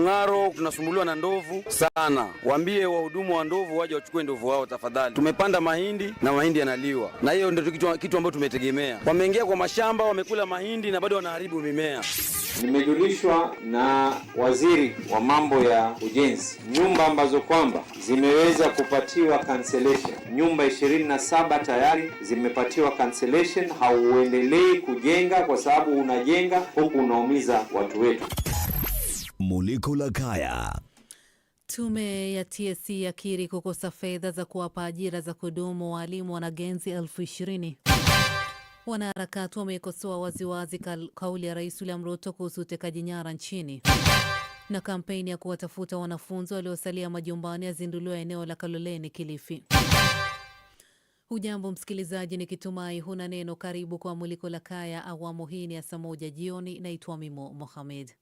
Mng'aro tunasumbuliwa na ndovu sana. Waambie wahudumu wa ndovu waje wachukue ndovu wao tafadhali. Tumepanda mahindi na mahindi yanaliwa, na hiyo ndio kitu, kitu ambacho tumetegemea. Wameingia kwa mashamba wamekula mahindi na bado wanaharibu mimea. Nimejulishwa na waziri wa mambo ya ujenzi, nyumba ambazo kwamba zimeweza kupatiwa cancellation, nyumba 27 tayari zimepatiwa cancellation. Hauendelei kujenga kwa sababu unajenga huku unaumiza watu wetu muliko la Kaya. Tume ya TSC yakiri kukosa fedha za kuwapa ajira za kudumu waalimu wanagenzi elfu ishirini. Wanaharakati wameikosoa waziwazi kauli ya Rais William Ruto kuhusu utekaji nyara nchini, na kampeni ya kuwatafuta wanafunzi waliosalia majumbani yazinduliwa eneo la Kaloleni, Kilifi. Hujambo msikilizaji, nikitumai huna neno. Karibu kwa Muliko la Kaya. Awamu hii ni ya saa moja jioni. Naitwa Mimo Mohamed.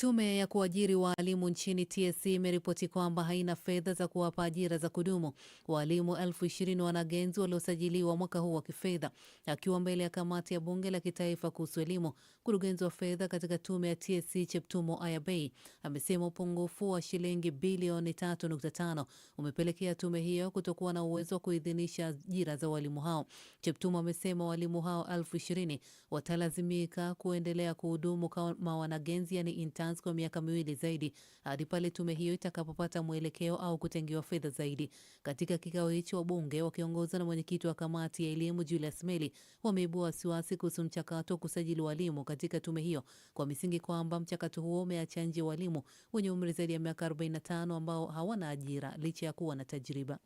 Tume ya kuajiri waalimu nchini TSC e imeripoti kwamba haina fedha za kuwapa ajira za kudumu waalimu elfu ishirini wanagenzi waliosajiliwa mwaka huu wa kifedha. Akiwa mbele ya kamati ya bunge la kitaifa kuhusu elimu, mkurugenzi wa fedha katika tume ya TSC e, Cheptumo Ayabei amesema upungufu wa shilingi bilioni 3.5 umepelekea tume hiyo kutokuwa na uwezo wa kuidhinisha ajira za walimu hao. Cheptumo amesema waalimu hao elfu ishirini watalazimika kuendelea kuhudumu kama wanagenzi yani intern Stars kwa miaka miwili zaidi hadi pale tume hiyo itakapopata mwelekeo au kutengewa fedha zaidi. Katika kikao hicho, wabunge wakiongozwa na mwenyekiti wa kamati ya elimu Julius Meli wameibua wasiwasi kuhusu mchakato wa kusajili walimu katika tume hiyo kwa misingi kwamba mchakato huo umeacha nje walimu wenye umri zaidi ya miaka 45 ambao hawana ajira licha ya kuwa na tajriba.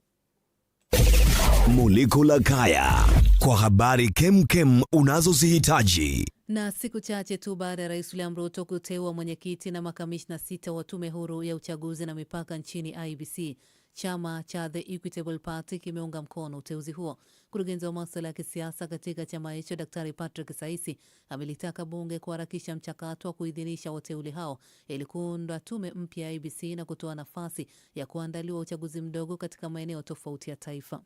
Mulikula Kaya kwa habari kemkem unazozihitaji. Na siku chache tu baada ya Rais William Ruto kuteua mwenyekiti na makamishna sita wa tume huru ya uchaguzi na mipaka nchini ibc chama cha The Equitable Party kimeunga mkono uteuzi huo. Mkurugenzi wa maswala ya kisiasa katika chama hicho, Daktari Patrick Saisi, amelitaka bunge kuharakisha mchakato wa kuidhinisha wateuli hao ili kuunda tume mpya ya ibc na kutoa nafasi ya kuandaliwa uchaguzi mdogo katika maeneo tofauti ya taifa.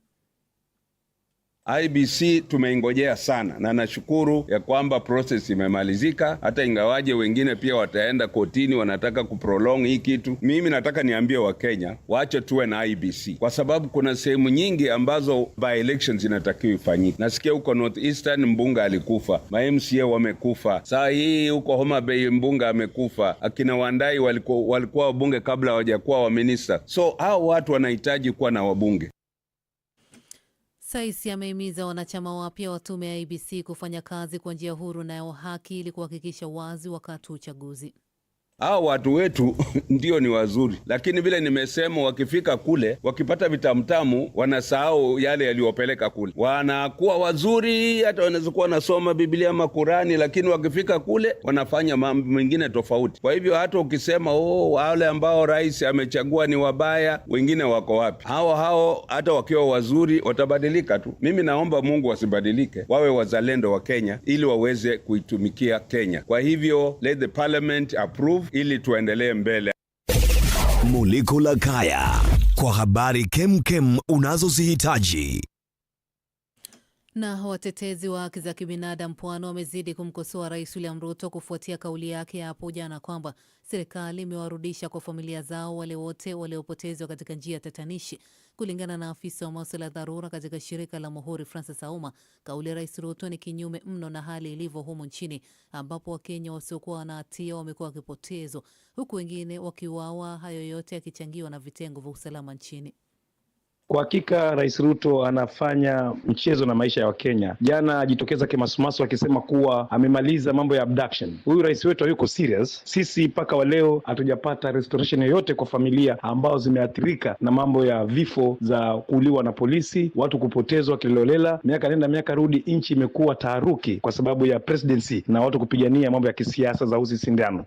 IBC tumeingojea sana na nashukuru ya kwamba process imemalizika, hata ingawaje wengine pia wataenda kotini, wanataka kuprolong hii kitu. Mimi nataka niambie Wakenya waache tuwe na IBC kwa sababu kuna sehemu nyingi ambazo by elections inatakiwa ifanyike. Nasikia huko North Eastern mbunga alikufa, ma MCA wamekufa, saa hii huko Homa Bay mbunga amekufa, akina Wandai walikuwa, walikuwa wabunge kabla hawajakuwa waminista. So hao watu wanahitaji kuwa na wabunge. Saisi amehimiza wanachama wapya wa tume ya IEBC kufanya kazi kwa njia huru na ya haki ili kuhakikisha wazi wakati wa uchaguzi. Hao watu wetu ndio ni wazuri, lakini vile nimesema, wakifika kule wakipata vitamtamu wanasahau yale yaliyopeleka kule. Wanakuwa wazuri, hata wanaweza kuwa wanasoma Biblia ama Kurani, lakini wakifika kule wanafanya mambo mengine tofauti. Kwa hivyo hata ukisema oh, wale ambao rais amechagua ni wabaya, wengine wako wapi? Hao hao hata wakiwa wazuri watabadilika tu. Mimi naomba Mungu wasibadilike, wawe wazalendo wa Kenya ili waweze kuitumikia Kenya. Kwa hivyo let the parliament approve ili tuendelee mbele. Mulikula Kaya kwa habari kemkem unazozihitaji. Na watetezi wa haki za kibinadamu Pwani wamezidi kumkosoa Rais William Ruto kufuatia kauli yake ya hapo jana kwamba serikali imewarudisha kwa familia zao wale wote waliopotezwa katika njia tatanishi. Kulingana na afisa wa masuala ya dharura katika shirika la Muhuri Francis Auma, kauli ya Rais Ruto ni kinyume mno na hali ilivyo humu nchini ambapo Wakenya wasiokuwa na hatia wamekuwa wakipotezwa huku wengine wakiuawa, hayo yote yakichangiwa na vitengo vya usalama nchini. Kwa hakika Rais Ruto anafanya mchezo na maisha ya Wakenya. Jana ajitokeza kimasumasu akisema kuwa amemaliza mambo ya abduction. Huyu rais wetu hayuko serious. Sisi mpaka wa leo hatujapata restoration yoyote kwa familia ambao zimeathirika na mambo ya vifo za kuuliwa na polisi, watu kupotezwa kilolela. Miaka nenda miaka rudi, nchi imekuwa taharuki kwa sababu ya presidency na watu kupigania mambo ya kisiasa za uzi sindano.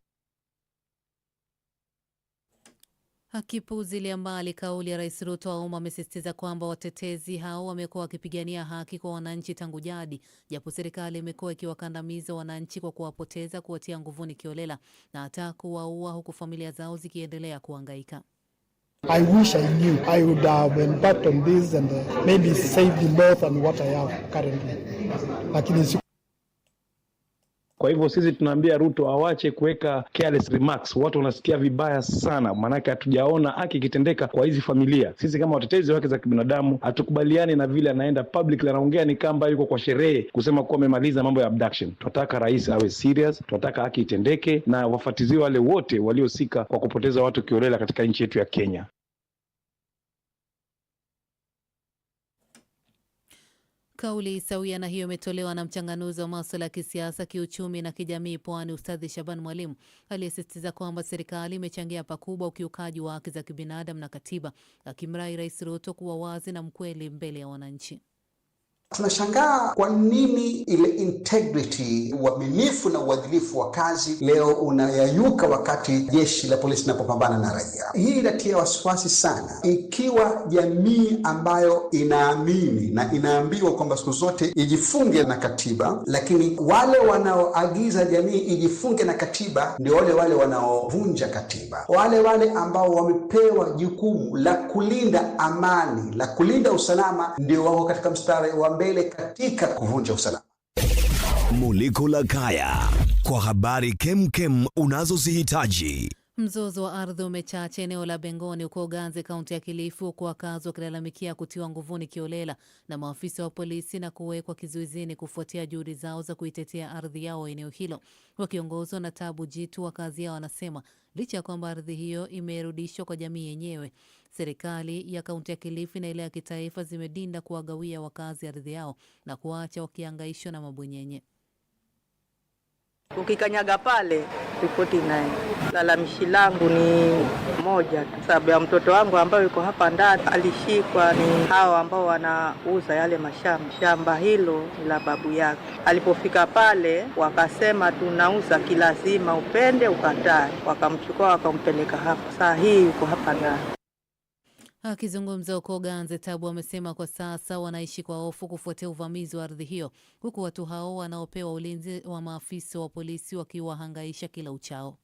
Akipuuzilia mbali kauli ya Rais Ruto wa umma, amesisitiza kwamba watetezi hao wamekuwa wakipigania haki kwa wananchi tangu jadi, japo serikali imekuwa ikiwakandamiza wananchi kwa kuwapoteza, kuwatia nguvuni kiolela na hata kuwaua, huku familia zao zikiendelea kuangaika I wish I knew I would have embarked on this and uh, maybe saved more than what I have currently. Lakini kwa hivyo sisi tunaambia Ruto awache kuweka careless remarks. Watu wanasikia vibaya sana, maanake hatujaona haki ikitendeka kwa hizi familia. Sisi kama watetezi wa haki za kibinadamu hatukubaliani na vile anaenda public, anaongea ni kamba yuko kwa sherehe kusema kuwa amemaliza mambo ya abduction. Tunataka rais awe serious, tunataka haki itendeke na wafatiziwe wale wote waliohusika kwa kupoteza watu kiolela katika nchi yetu ya Kenya. Kauli sawia na hiyo imetolewa na mchanganuzi wa masuala ya kisiasa, kiuchumi na kijamii Pwani, Ustadhi Shaban Mwalimu, aliyesisitiza kwamba serikali imechangia pakubwa ukiukaji wa haki za kibinadamu na katiba, akimrai Rais Ruto kuwa wazi na mkweli mbele ya wananchi. Tunashangaa kwa nini ile integrity, uaminifu na uadilifu wa kazi leo unayayuka wakati jeshi la polisi linapopambana na raia. Hii inatia wasiwasi sana, ikiwa jamii ambayo inaamini na inaambiwa kwamba siku zote ijifunge na katiba, lakini wale wanaoagiza jamii ijifunge na katiba ndio wale wale wanaovunja katiba, wale wale ambao wamepewa jukumu la kulinda amani, la kulinda usalama, ndio wako katika mstari wa mbele katika kuvunja usalama. Muliko la Kaya, kwa habari kemkem unazozihitaji. Mzozo wa ardhi umechacha eneo la Bengoni huko Ganze, kaunti ya Kilifi, huku wakazi wakilalamikia kutiwa nguvuni kiolela na maafisa wa polisi na kuwekwa kizuizini kufuatia juhudi zao za kuitetea ardhi yao eneo hilo. Wakiongozwa na Tabu Jitu, wakazi yao wanasema licha ya kwamba ardhi hiyo imerudishwa kwa jamii yenyewe, serikali ya kaunti ya Kilifi na ile ya kitaifa zimedinda kuwagawia wakazi ardhi yao na kuwaacha wakiangaishwa na mabwenyenye. Ukikanyaga pale ripoti naye. Lalamishi langu ni moja tu, sababu ya mtoto wangu ambayo yuko hapa ndani alishikwa ni hao ambao wanauza yale mashamba. Shamba hilo ni la babu yake. Alipofika pale, wakasema tunauza kilazima, upende ukatae, wakamchukua wakampeleka hapa. Saa hii yuko hapa ndani. Akizungumza huko Ganze, Tabu amesema kwa sasa wanaishi kwa hofu kufuatia uvamizi wa ardhi hiyo, huku watu hao wanaopewa ulinzi wa maafisa wa polisi wakiwahangaisha kila uchao.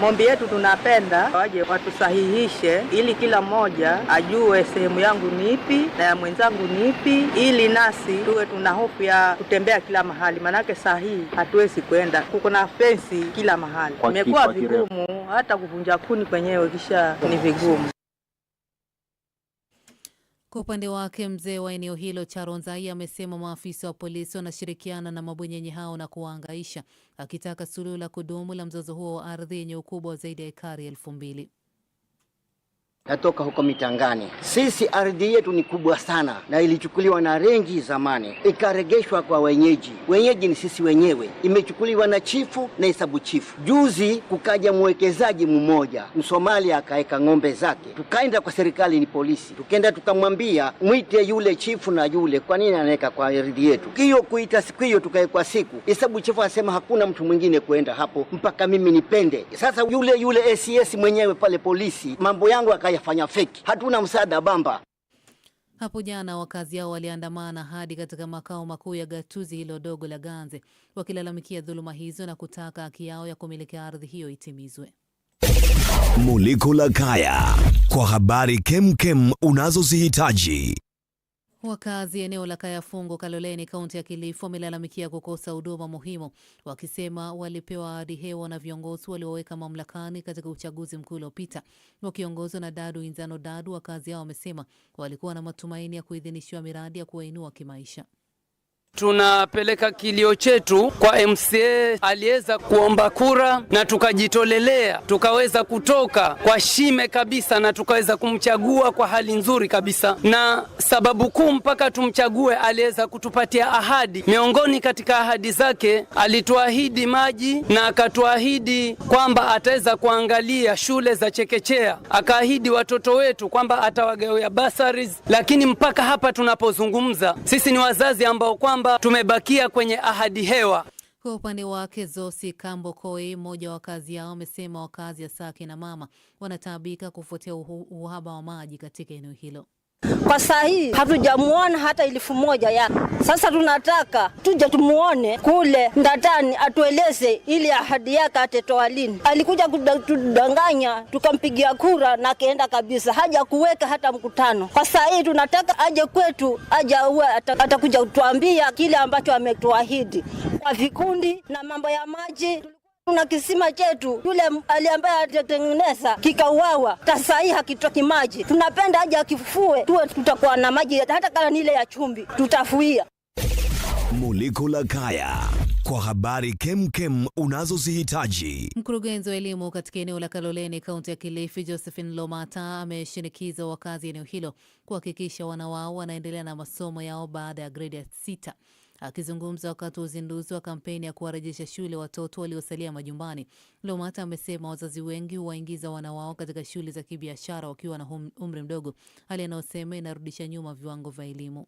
Mombi yetu tunapenda waje watusahihishe ili kila mmoja ajue sehemu yangu ni ipi na ya mwenzangu ni ipi, ili nasi tuwe tuna hofu ya kutembea kila mahali, manake saa hii hatuwezi kwenda, kuko na fensi kila mahali. Imekuwa vigumu hata kuvunja kuni kwenyewe, kisha ni vigumu. Kwa upande wake mzee wa eneo hilo charonzai amesema maafisa wa polisi wanashirikiana na mabwenyenye hao na kuwaangaisha, akitaka suluhu la kudumu la mzozo huo wa ardhi yenye ukubwa wa zaidi ya ekari elfu mbili. Natoka huko Mitangani. Sisi ardhi yetu ni kubwa sana, na ilichukuliwa na rengi zamani, ikaregeshwa kwa wenyeji. Wenyeji ni sisi wenyewe, imechukuliwa na chifu na hesabu chifu. Juzi kukaja mwekezaji mmoja Msomalia akaweka ng'ombe zake, tukaenda kwa serikali, ni polisi, tukaenda tukamwambia, mwite yule chifu na yule, kwa nini anaweka kwa ardhi yetu hiyo? Kuita siku hiyo tukawekwa siku, hesabu chifu asema hakuna mtu mwingine kuenda hapo mpaka mimi nipende. Sasa yule yule ACS e mwenyewe pale polisi, mambo yangu akaya yafanya feki, hatuna msaada bamba. Hapo jana wakazi hao waliandamana hadi katika makao makuu ya gatuzi hilo dogo la Ganze wakilalamikia dhuluma hizo na kutaka haki yao ya kumiliki ardhi hiyo itimizwe. Mulikula Kaya kwa habari kemkem unazozihitaji. Wakazi eneo la Kayafungo, Kaloleni, kaunti ya Kilifi wamelalamikia kukosa huduma muhimu, wakisema walipewa ahadi hewa na viongozi walioweka mamlakani katika uchaguzi mkuu uliopita. Wakiongozwa na Dadu Inzano Dadu, wakazi hao wamesema walikuwa na matumaini ya kuidhinishiwa miradi ya kuwainua kimaisha. Tunapeleka kilio chetu kwa MCA aliweza kuomba kura na tukajitolelea, tukaweza kutoka kwa shime kabisa, na tukaweza kumchagua kwa hali nzuri kabisa. Na sababu kuu mpaka tumchague, aliweza kutupatia ahadi. Miongoni katika ahadi zake alituahidi maji na akatuahidi kwamba ataweza kuangalia shule za chekechea, akaahidi watoto wetu kwamba atawagawia basaris Lakini mpaka hapa tunapozungumza, sisi ni wazazi ambao kwamba kwamba tumebakia kwenye ahadi hewa. Kwa upande wake Zosi Kambokoi, mmoja wa wakazi yao amesema wakazi ya Sake na Mama wanataabika kufuatia uhaba wa maji katika eneo hilo. Kwa saa hii hatujamwona hata elfu moja yake. Sasa tunataka tuje tumuone kule Ndatani atueleze ili ahadi yake atetoa lini. Alikuja kutudanganya, tukampigia kura na akaenda kabisa, haja kuweka hata mkutano. Kwa saa hii tunataka aje kwetu, aje uwe atakuja kutuambia kile ambacho ametuahidi kwa vikundi na mambo ya maji. Kuna kisima chetu yule aliambaye atatengeneza kikauawa, tasahii hakitoki maji. Tunapenda aje akifue, tuwe tutakuwa na maji, hata kama ni ile ya chumvi tutafuia. Muliko la Kaya kwa habari kemkem unazozihitaji. Mkurugenzi wa elimu katika eneo la Kaloleni, kaunti ya Kilifi, Josephine Lomata ameshinikiza wakazi eneo hilo kuhakikisha wana wao wanaendelea na masomo yao baada ya gredi ya sita. Akizungumza wakati wa uzinduzi wa kampeni ya kuwarejesha shule watoto waliosalia majumbani, lomata amesema wazazi wengi huwaingiza wana wao katika shule za kibiashara wakiwa na umri mdogo, hali anayosema inarudisha nyuma viwango vya elimu.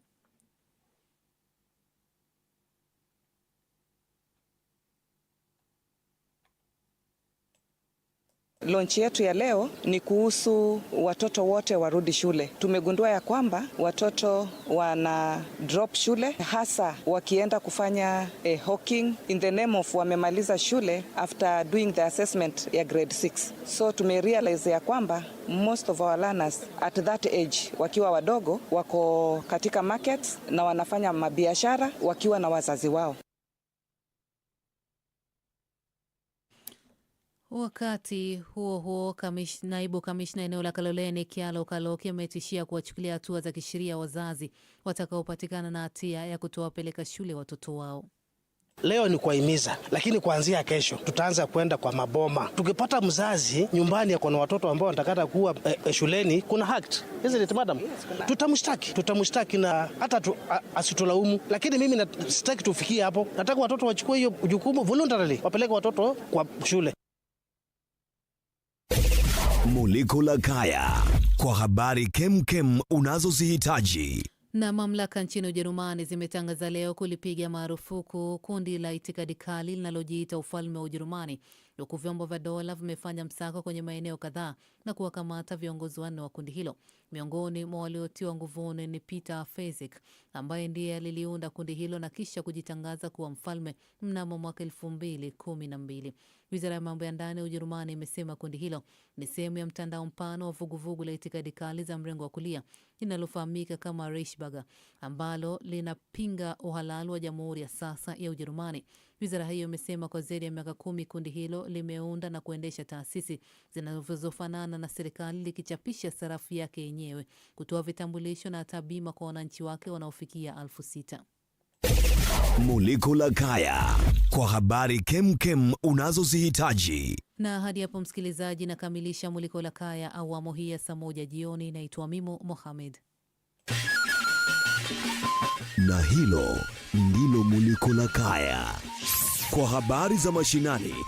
Launch yetu ya leo ni kuhusu watoto wote warudi shule. Tumegundua ya kwamba watoto wana drop shule, hasa wakienda kufanya eh, hawking in the name of wamemaliza shule after doing the assessment ya grade 6. So tumerealize ya kwamba most of our learners at that age wakiwa wadogo wako katika markets na wanafanya mabiashara wakiwa na wazazi wao. Wakati huo huo, kamish, naibu kamishna eneo la Kaloleni kialo Kaloki ametishia kuwachukulia hatua za kisheria wazazi watakaopatikana na hatia ya kutowapeleka shule watoto wao. Leo ni kuwahimiza, lakini kuanzia kesho tutaanza kwenda kwa maboma. Tukipata mzazi nyumbani ako na watoto ambao wanatakata kuwa eh, eh, shuleni, kuna hakt madam, tutamshtaki tutamshtaki, na hata tu, asitulaumu. Lakini mimi sitaki tufikie hapo, nataka watoto wachukue hiyo jukumu voluntarily, wapeleke watoto kwa shule. Mulikula Kaya kwa habari kemkem unazozihitaji. Na mamlaka nchini Ujerumani zimetangaza leo kulipiga marufuku kundi la itikadi kali linalojiita ufalme wa Ujerumani huku vyombo vya dola vimefanya msako kwenye maeneo kadhaa na kuwakamata viongozi wanne wa kundi hilo. Miongoni mwa waliotiwa nguvuni ni Peter Fezik ambaye ndiye aliliunda kundi hilo na kisha kujitangaza kuwa mfalme mnamo mwaka elfu mbili kumi na mbili. Wizara ya mambo ya ndani ya Ujerumani imesema kundi hilo ni sehemu ya mtandao mpana wa vuguvugu la itikadi kali za mrengo wa kulia linalofahamika kama Reichsburger ambalo linapinga uhalali wa jamhuri ya sasa ya Ujerumani. Wizara hiyo imesema kwa zaidi ya miaka kumi kundi hilo limeunda na kuendesha taasisi zinazofanana na serikali, likichapisha sarafu yake yenyewe, kutoa vitambulisho na hata bima kwa wananchi wake wanaofikia elfu sita. Mulikula Kaya kwa habari kemkem unazozihitaji. Na hadi hapo msikilizaji, nakamilisha Muliko la Kaya awamu hii ya saa moja jioni. Naitwa Mimo Mohamed na hilo ndilo muliko la kaya. Kwa habari za mashinani